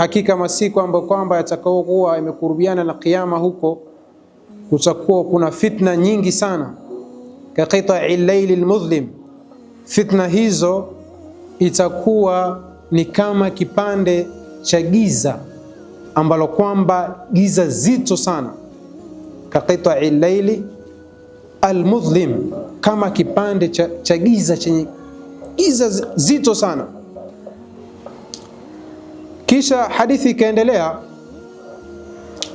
Hakika masiku ambayo kwamba yatakaokuwa yamekurubiana na kiyama, huko kutakuwa kuna fitna nyingi sana, ka qitai llaili lmudhlim. Fitna hizo itakuwa ni kama kipande cha giza ambalo kwamba giza zito sana, ka qitai al almudhlim, kama kipande cha, cha giza chenye giza zito sana kisha hadithi ikaendelea,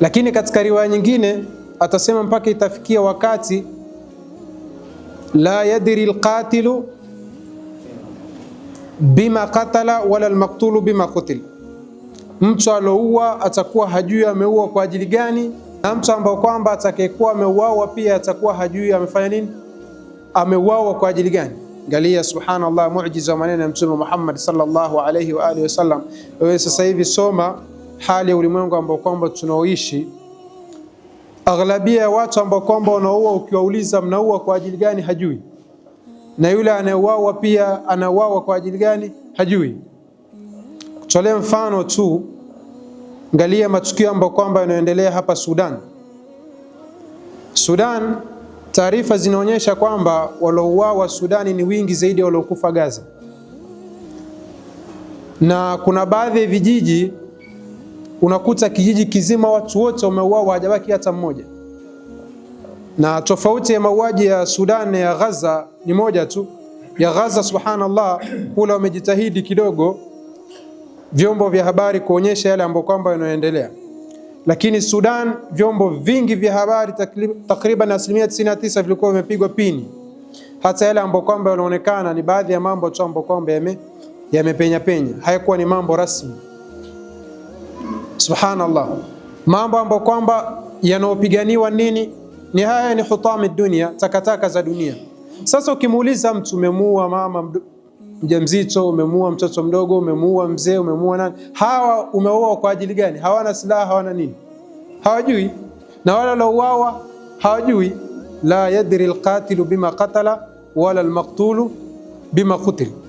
lakini katika riwaya nyingine atasema mpaka itafikia wakati la yadri alqatilu bima qatala wala almaktulu bima qutil, mtu aloua atakuwa hajui ameua kwa ajili gani, na mtu ambao kwamba atakayekuwa ameuawa pia atakuwa hajui amefanya nini, ameuawa kwa ajili gani. Angalia, subhanallah, muujiza wa maneno ya Mtume Muhammad sallallahu alayhi wa alihi wasallam. Wewe sasa hivi soma hali ya ulimwengu ambao kwamba tunaoishi, aghlabia ya watu ambao kwamba wanaua, ukiwauliza mnaua kwa ajili gani? Hajui. Na yule anayeuawa pia anauawa kwa ajili gani? Hajui. Kutolee mfano tu, angalia matukio ambayo kwamba yanaendelea hapa Sudan. Sudan Taarifa zinaonyesha kwamba walouawa Sudani ni wingi zaidi ya waliokufa Gaza, na kuna baadhi ya vijiji unakuta kijiji kizima watu wote wameuawa, hajabaki hata mmoja. Na tofauti ya mauaji ya Sudan ya Gaza ni moja tu. Ya Gaza, subhanallah, kula wamejitahidi kidogo vyombo vya habari kuonyesha yale ambayo kwamba yanayoendelea. Lakini Sudan, vyombo vingi vya habari takriban asilimia 99 vilikuwa vimepigwa pini, hata yale ambayo kwamba yanaonekana ni baadhi ya mambo tu ambayo kwamba yamepenya penya, hayakuwa ni mambo rasmi. Subhanallah, mambo ambayo kwamba yanaopiganiwa nini? Ni haya ni hutami dunia, takataka za dunia. Sasa ukimuuliza mtu umemuua mama mjamzito, umemuua mtoto mdogo, umemuua mzee, umemuua nani. Hawa umeua kwa ajili gani? Hawana silaha, hawana nini, hawajui. Na wale walouawa hawajui. La yadri alqatilu bima qatala wala almaqtulu bima qutila.